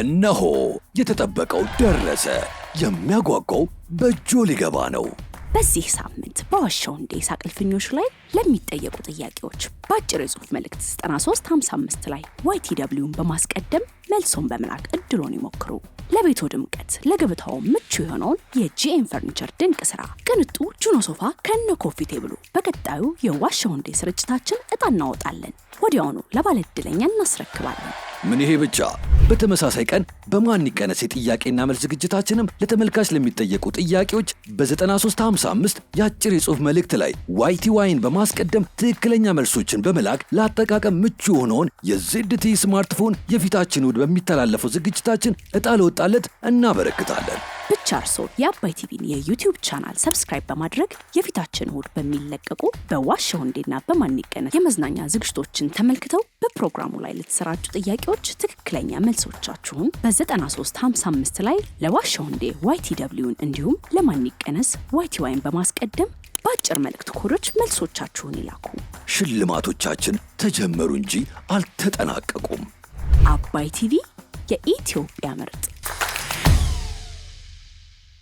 እነሆ የተጠበቀው ደረሰ። የሚያጓጓው በእጆ ሊገባ ነው። በዚህ ሳምንት በዋሻው እንደ ይሳቅ እልፍኞች ላይ ለሚጠየቁ ጥያቄዎች በአጭር የጽሁፍ መልእክት 9355 ላይ ዋይ በማስቀደም መልሶን በመላክ እድሎን ይሞክሩ። ለቤቶ ድምቀት ለገበታው ምቹ የሆነውን የጂኤም ፈርኒቸር ድንቅ ስራ ቅንጡ ጁኖ ሶፋ ከነ ኮፊ ቴብሉ በቀጣዩ የዋሻውንዴ ስርጭታችን እጣ እናወጣለን። ወዲያውኑ እድለኛ እናስረክባለን። ምን ይሄ ብቻ! በተመሳሳይ ቀን በማን ይቀነስ የጥያቄና መልስ ዝግጅታችንም ለተመልካች ለሚጠየቁ ጥያቄዎች በ9355 የአጭር የጽሁፍ መልእክት ላይ ዋይቲ ዋይን በማ በማስቀደም ትክክለኛ መልሶችን በመላክ ለአጠቃቀም ምቹ የሆነውን የዜድቲ ስማርትፎን የፊታችን እሁድ በሚተላለፈው ዝግጅታችን እጣ ለወጣለት እናበረክታለን። ብቻ አርሶ የአባይ ቲቪን የዩቲዩብ ቻናል ሰብስክራይብ በማድረግ የፊታችን እሁድ በሚለቀቁ በዋሸው እንዴና በማን የመዝናኛ ዝግጅቶችን ተመልክተው በፕሮግራሙ ላይ ለተሰራጩ ጥያቄዎች ትክክለኛ መልሶቻችሁን በ9355 ላይ ለዋሸው እንዴ ዋይቲ ደብልዩን እንዲሁም ለማንቀነስ ዋይቲ ዋይን በማስቀደም በአጭር መልእክት ኮዶች መልሶቻችሁን ይላኩ። ሽልማቶቻችን ተጀመሩ እንጂ አልተጠናቀቁም። አባይ ቲቪ የኢትዮጵያ ምርጥ